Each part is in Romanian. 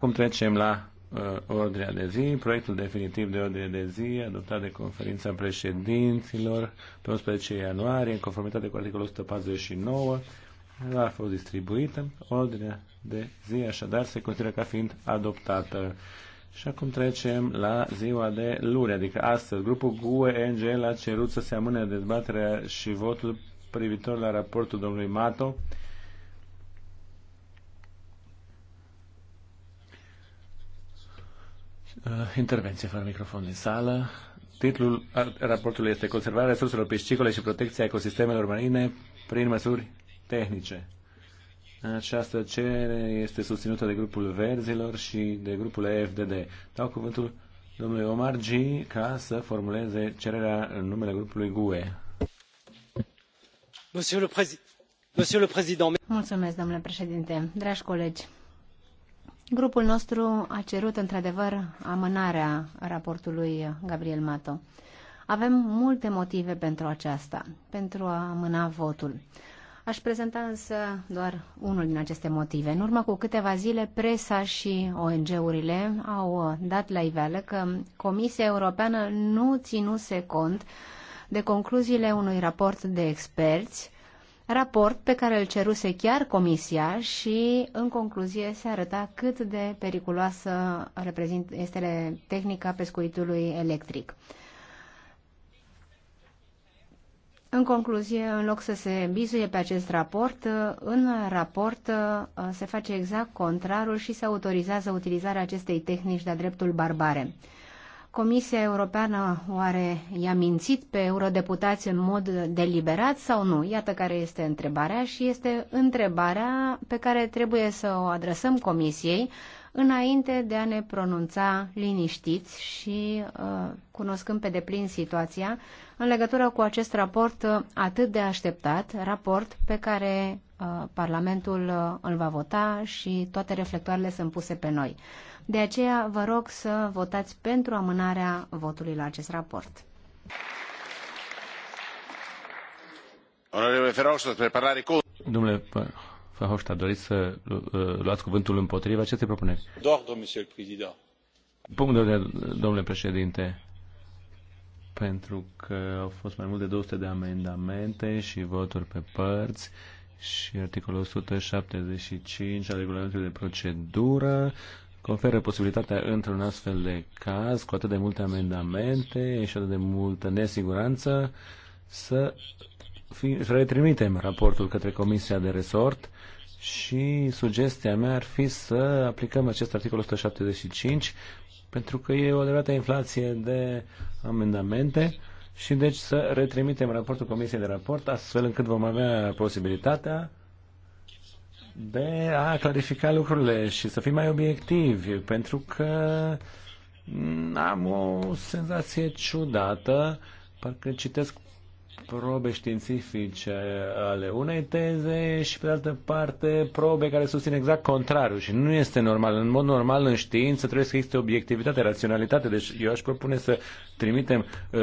Cum trecem la uh, ordinea de zi, proiectul definitiv de ordine de zi adoptat de conferința președinților pe 11 ianuarie, în conformitate cu articolul 149, a fost distribuită. Ordinea de zi, așadar, se consideră ca fiind adoptată. Și acum trecem la ziua de luni, adică astăzi. Grupul GUE NGL a cerut să se amâne dezbaterea și votul privitor la raportul domnului Mato Uh, intervenție fără microfon în sală. Titlul raportului este Conservarea resurselor piscicole și protecția ecosistemelor marine prin măsuri tehnice. Această cerere este susținută de grupul Verzilor și de grupul EFDD. Dau cuvântul domnului Omar G. ca să formuleze cererea în numele grupului GUE. Monsieur le Mulțumesc, domnule președinte. Dragi colegi, Grupul nostru a cerut într-adevăr amânarea raportului Gabriel Mato. Avem multe motive pentru aceasta, pentru a amâna votul. Aș prezenta însă doar unul din aceste motive. În urmă cu câteva zile, presa și ONG-urile au dat la iveală că Comisia Europeană nu ținuse cont de concluziile unui raport de experți raport pe care îl ceruse chiar Comisia și, în concluzie, se arăta cât de periculoasă este tehnica pescuitului electric. În concluzie, în loc să se bizuie pe acest raport, în raport se face exact contrarul și se autorizează utilizarea acestei tehnici de-a dreptul barbare. Comisia Europeană oare i-a mințit pe eurodeputați în mod deliberat sau nu? Iată care este întrebarea și este întrebarea pe care trebuie să o adresăm Comisiei înainte de a ne pronunța liniștiți și uh, cunoscând pe deplin situația în legătură cu acest raport atât de așteptat, raport pe care uh, Parlamentul uh, îl va vota și toate reflectoarele sunt puse pe noi. De aceea vă rog să votați pentru amânarea votului la acest raport. Domnule Verhofstadt, doriți să uh, luați cuvântul împotriva acestei propuneri? Doar, domnule președinte. Punct de domnule președinte, pentru că au fost mai mult de 200 de amendamente și voturi pe părți și articolul 175 al regulamentului de procedură conferă posibilitatea într-un astfel de caz, cu atât de multe amendamente și atât de multă nesiguranță, să fi, să retrimitem raportul către Comisia de Resort și sugestia mea ar fi să aplicăm acest articol 175 pentru că e o adevărată inflație de amendamente și deci să retrimitem raportul Comisiei de Raport astfel încât vom avea posibilitatea de a clarifica lucrurile și să fim mai obiectivi, pentru că am o senzație ciudată, parcă citesc probe științifice ale unei teze și, pe de altă parte, probe care susțin exact contrariul și nu este normal. În mod normal, în știință trebuie să existe obiectivitate, raționalitate. Deci eu aș propune să trimitem uh,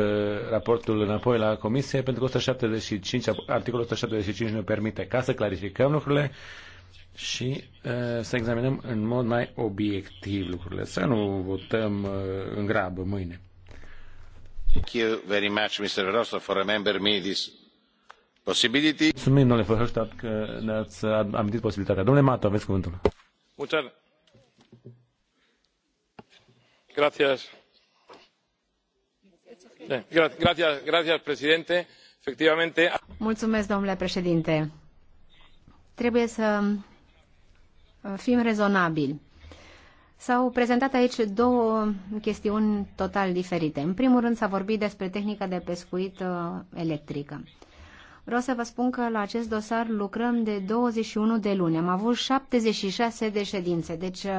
raportul înapoi la comisie pentru că 175, articolul 175 ne permite ca să clarificăm lucrurile și să examinăm în mod mai obiectiv lucrurile, să nu votăm în grabă mâine. Thank you very much, Mr. Rosso, for remembering this possibility. Mulțumim, domnule Fărăștat, că ne-ați amintit posibilitatea. Domnule Mato, aveți cuvântul. Mulțumesc. Gracias. Gracias, gracias, presidente. Efectivamente. Mulțumesc, domnule președinte. Trebuie să fim rezonabili. S-au prezentat aici două chestiuni total diferite. În primul rând s-a vorbit despre tehnica de pescuit uh, electrică. Vreau să vă spun că la acest dosar lucrăm de 21 de luni. Am avut 76 de ședințe, deci uh,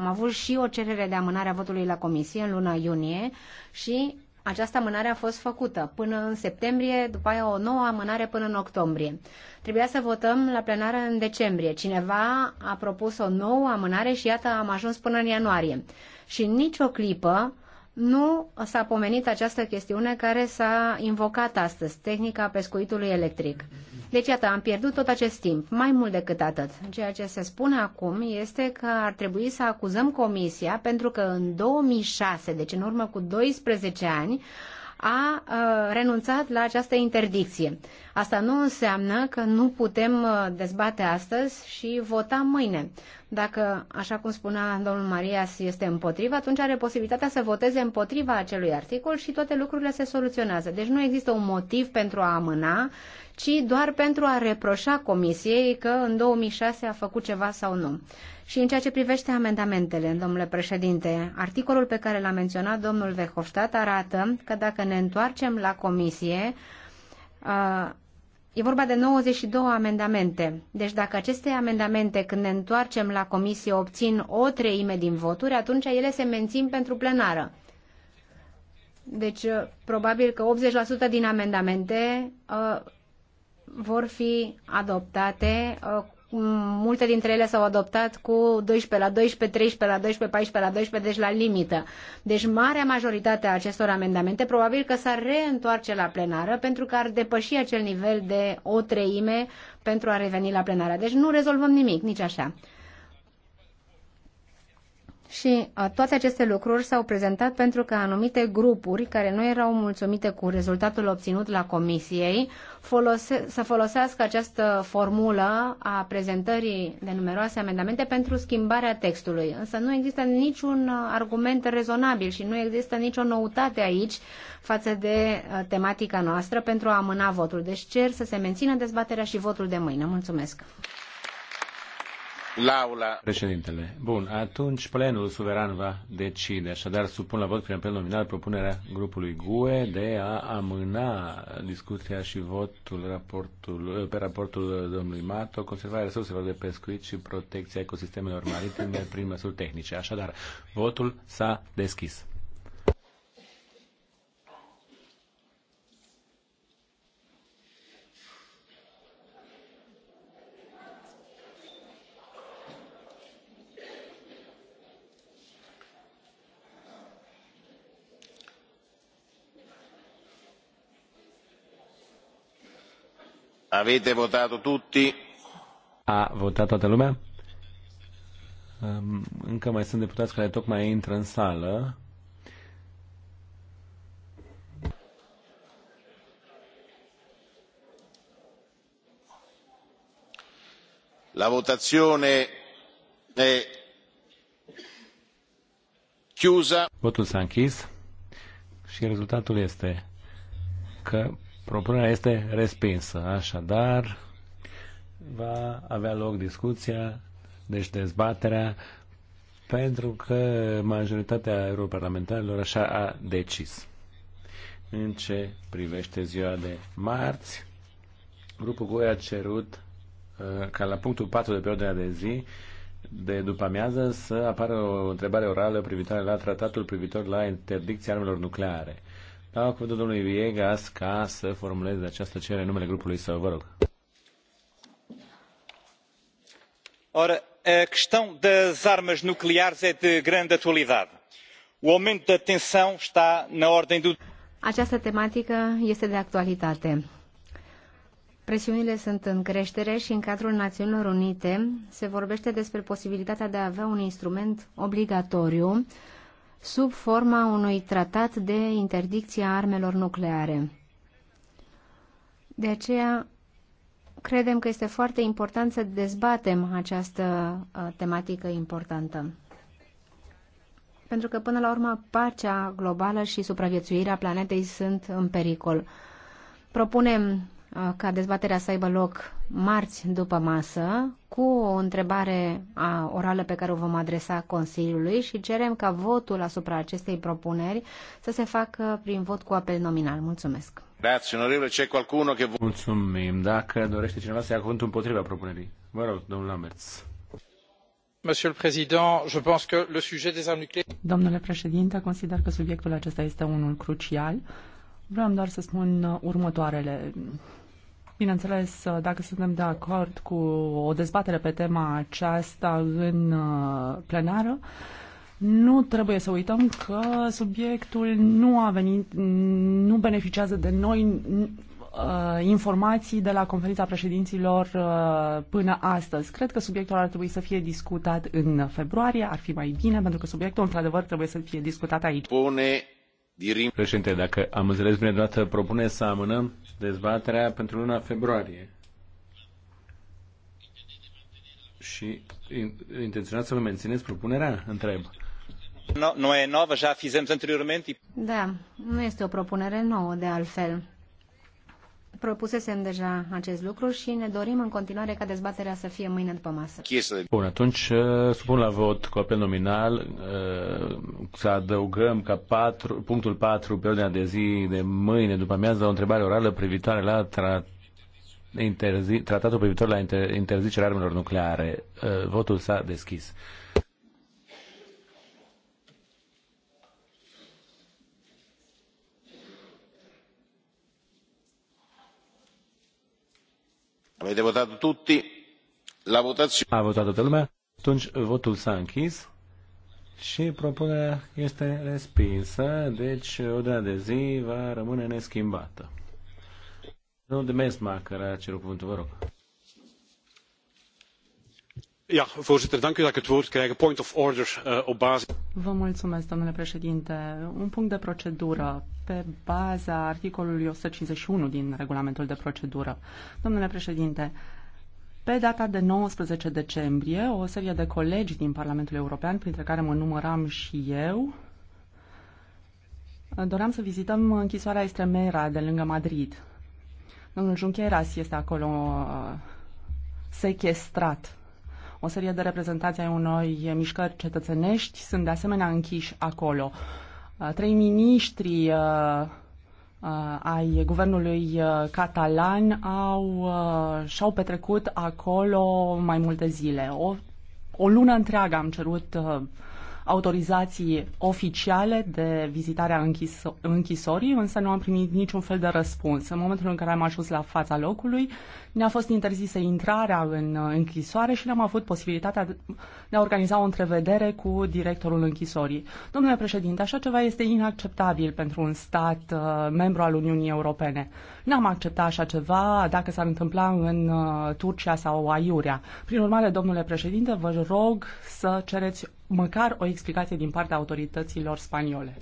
am avut și o cerere de amânare a votului la comisie în luna iunie și această amânare a fost făcută până în septembrie, după aia o nouă amânare până în octombrie. Trebuia să votăm la plenară în decembrie. Cineva a propus o nouă amânare și iată am ajuns până în ianuarie. Și nicio clipă nu s-a pomenit această chestiune care s-a invocat astăzi, tehnica pescuitului electric. Deci, iată, am pierdut tot acest timp, mai mult decât atât. Ceea ce se spune acum este că ar trebui să acuzăm Comisia pentru că în 2006, deci în urmă cu 12 ani, a uh, renunțat la această interdicție. Asta nu înseamnă că nu putem uh, dezbate astăzi și vota mâine. Dacă, așa cum spunea domnul Marias, este împotrivă, atunci are posibilitatea să voteze împotriva acelui articol și toate lucrurile se soluționează. Deci nu există un motiv pentru a amâna, ci doar pentru a reproșa Comisiei că în 2006 a făcut ceva sau nu. Și în ceea ce privește amendamentele, domnule președinte, articolul pe care l-a menționat domnul Vehoștat arată că dacă ne întoarcem la Comisie, uh, E vorba de 92 amendamente. Deci dacă aceste amendamente, când ne întoarcem la comisie, obțin o treime din voturi, atunci ele se mențin pentru plenară. Deci uh, probabil că 80% din amendamente uh, vor fi adoptate uh, Mm, multe dintre ele s-au adoptat cu 12 la 12, 13 la 12, 14 la 12, deci la limită. Deci marea majoritate a acestor amendamente probabil că s-ar reîntoarce la plenară pentru că ar depăși acel nivel de o treime pentru a reveni la plenară. Deci nu rezolvăm nimic, nici așa. Și toate aceste lucruri s-au prezentat pentru că anumite grupuri care nu erau mulțumite cu rezultatul obținut la comisiei folose- să folosească această formulă a prezentării de numeroase amendamente pentru schimbarea textului. Însă nu există niciun argument rezonabil și nu există nicio noutate aici față de tematica noastră pentru a amâna votul. Deci cer să se mențină dezbaterea și votul de mâine. Mulțumesc! L'aula. Președintele. Bun, atunci plenul suveran va decide. Așadar, supun la vot prin apel nominal propunerea grupului GUE de a amâna discuția și votul raportul, pe raportul domnului Mato, conservarea resurselor de pescuit și protecția ecosistemelor maritime prin măsuri tehnice. Așadar, votul s-a deschis. Avete votato tutti? A votat toată lumea? Încă mai sunt deputați care tocmai intră în sală. La votazione è chiusa. Votul s-a închis și rezultatul este că Propunerea este respinsă, așadar va avea loc discuția, deci dezbaterea, pentru că majoritatea europarlamentarilor așa a decis. În ce privește ziua de marți, grupul GUE a cerut uh, ca la punctul 4 de pe ordinea de zi de după amiază să apară o întrebare orală privitoare la tratatul privitor la interdicția armelor nucleare. Dau cuvântul domnului Viegas ca să formuleze această cerere în numele grupului său. Vă rog. Ora, a questão das armas nucleares é de grande atualidade. O aumento da tensão está na ordem do. Această tematică este de actualitate. Presiunile sunt în creștere și în cadrul Națiunilor Unite se vorbește despre posibilitatea de a avea un instrument obligatoriu sub forma unui tratat de interdicție a armelor nucleare. De aceea, credem că este foarte important să dezbatem această uh, tematică importantă. Pentru că, până la urmă, pacea globală și supraviețuirea planetei sunt în pericol. Propunem Uh, ca dezbaterea să aibă loc marți după masă cu o întrebare a, orală pe care o vom adresa Consiliului și cerem ca votul asupra acestei propuneri să se facă prin vot cu apel nominal. Mulțumesc. Mulțumim. Dacă dorește cineva să ia cuvântul împotriva propunerii. Vă rog, domnul Lamberts. Domnule președinte, consider că subiectul acesta este unul crucial. Vreau doar să spun următoarele. Bineînțeles, dacă suntem de acord cu o dezbatere pe tema aceasta în uh, plenară, nu trebuie să uităm că subiectul nu a venit, nu beneficiază de noi uh, informații de la conferința președinților uh, până astăzi. Cred că subiectul ar trebui să fie discutat în februarie, ar fi mai bine, pentru că subiectul, într-adevăr, trebuie să fie discutat aici. Pune Președinte, dacă am înțeles bine, dată propune să amânăm dezbaterea pentru luna februarie. Și intenționați să vă mențineți propunerea? Întreb. Nu, nu e nouă, deja fizem anteriormente. Da, nu este o propunere nouă, de altfel propusesem deja acest lucru și ne dorim în continuare ca dezbaterea să fie mâine după masă. Bun, atunci uh, supun la vot cu apel nominal uh, să adăugăm ca 4, punctul 4 pe ordinea de zi de mâine după amiază o întrebare orală privitoare la tra, tratatul privitor la inter, interzicerea armelor nucleare. Uh, votul s-a deschis. Avete votat tutti? La votazione. A votat toată lumea? Atunci votul s-a închis și propunerea este respinsă, deci ordinea de zi va rămâne neschimbată. Domnul de Mesmacher a cerut cuvântul, vă rog voorzitter, dank u dat ik het woord krijg. Eh, domnule președinte. Un punct de procedură pe baza articolului 151 din regulamentul de procedură. Domnule președinte, pe data de 19 decembrie, o serie de colegi din Parlamentul European, printre care mă număram și eu, doream să vizităm închisoarea Estremera de lângă Madrid. Domnul Junqueras este acolo eh, sequestrat o serie de reprezentanți ai unei mișcări cetățenești sunt de asemenea închiși acolo. Uh, trei miniștri uh, uh, ai guvernului catalan au, și-au petrecut acolo mai multe zile. O, o lună întreagă am cerut autorizații oficiale de vizitare a închis- închisorii, însă nu am primit niciun fel de răspuns. În momentul în care am ajuns la fața locului, ne-a fost interzisă intrarea în uh, închisoare și n-am avut posibilitatea de a organiza o întrevedere cu directorul închisorii. Domnule președinte, așa ceva este inacceptabil pentru un stat uh, membru al Uniunii Europene. N-am acceptat așa ceva dacă s-ar întâmpla în uh, Turcia sau Aiurea. Prin urmare, domnule președinte, vă rog să cereți măcar o explicație din partea autorităților spaniole.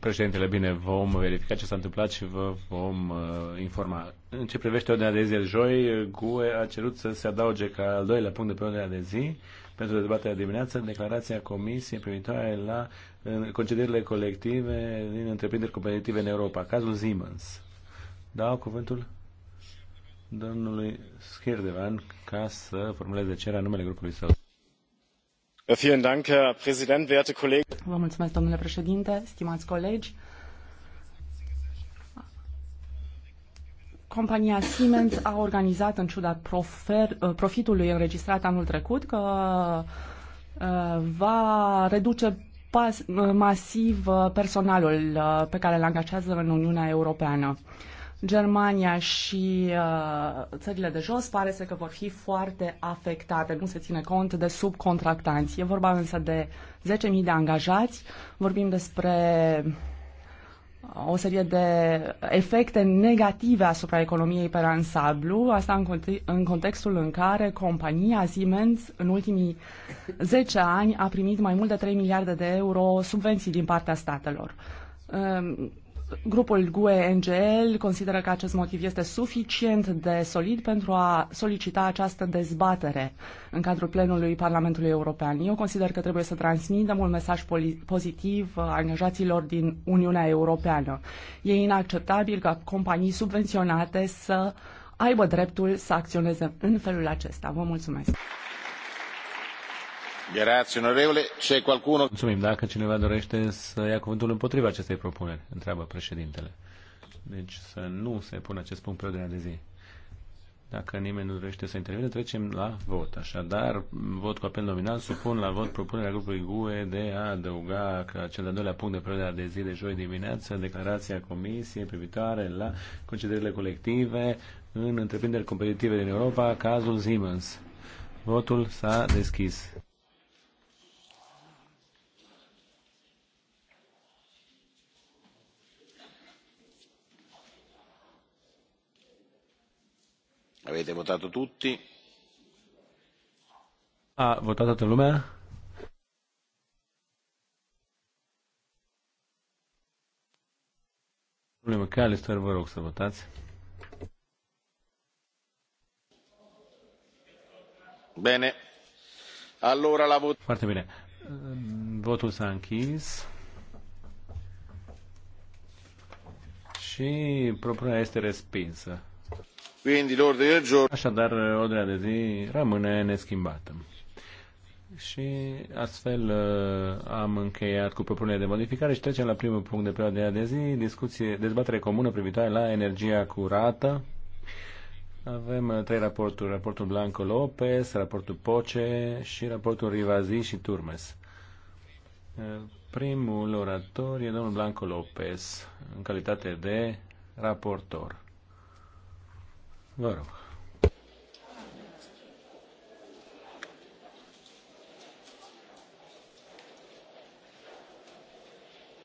Președintele, bine, vom verifica ce s-a întâmplat și vă vom uh, informa. În ce privește ordinea de zi de joi, GUE a cerut să se adauge ca al doilea punct de pe ordinea de zi pentru dezbaterea dimineață declarația Comisiei privitoare la concedierile colective din întreprinderi competitive în Europa, cazul Siemens. Dau cuvântul domnului Schirdevan ca să formuleze cererea numele grupului său. Vă mulțumesc, domnule președinte, stimați colegi. Compania Siemens a organizat, în ciuda profer, uh, profitului înregistrat anul trecut, că uh, va reduce pas, uh, masiv personalul pe care îl angajează în Uniunea Europeană. Germania și uh, țările de jos pare să că vor fi foarte afectate. Nu se ține cont de subcontractanți. E vorba însă de 10.000 de angajați. Vorbim despre uh, o serie de efecte negative asupra economiei pe ansamblu, asta în, în contextul în care compania Siemens în ultimii 10 ani a primit mai mult de 3 miliarde de euro subvenții din partea statelor. Um, Grupul GUE NGL consideră că acest motiv este suficient de solid pentru a solicita această dezbatere în cadrul plenului Parlamentului European. Eu consider că trebuie să transmitem un mesaj pozitiv uh, angajaților din Uniunea Europeană. E inacceptabil ca companii subvenționate să aibă dreptul să acționeze în felul acesta. Vă mulțumesc! Grazie, onorevole. C'è qualcuno... Mulțumim. Dacă cineva dorește să ia cuvântul împotriva acestei propuneri, întreabă președintele. Deci să nu se pună acest punct pe ordinea de zi. Dacă nimeni nu dorește să intervine, trecem la vot. Așadar, vot cu apel nominal, supun la vot propunerea grupului GUE de a adăuga ca cel de-al doilea punct de prelea de zi de joi dimineață declarația Comisiei privitoare la concederile colective în întreprinderi competitive din Europa, cazul Siemens. Votul s-a deschis. Avete votato tutti? A votat toată lumea? Domnule McAllister, vă rog să votați. Bine. Allora la vot. Foarte bine. Votul s-a închis. Și propunerea este respinsă. Quindi l'ordine del giorno... Așadar, ordinea de zi rămâne neschimbată. Și astfel uh, am încheiat cu propunerea de modificare și trecem la primul punct de pe ordinea de zi, discuție, dezbatere comună privitoare la energia curată. Avem uh, trei raporturi, raportul Blanco Lopez, raportul Poce și raportul Rivazi și Turmes. Uh, primul orator e domnul Blanco Lopez, în calitate de raportor. Vă rog.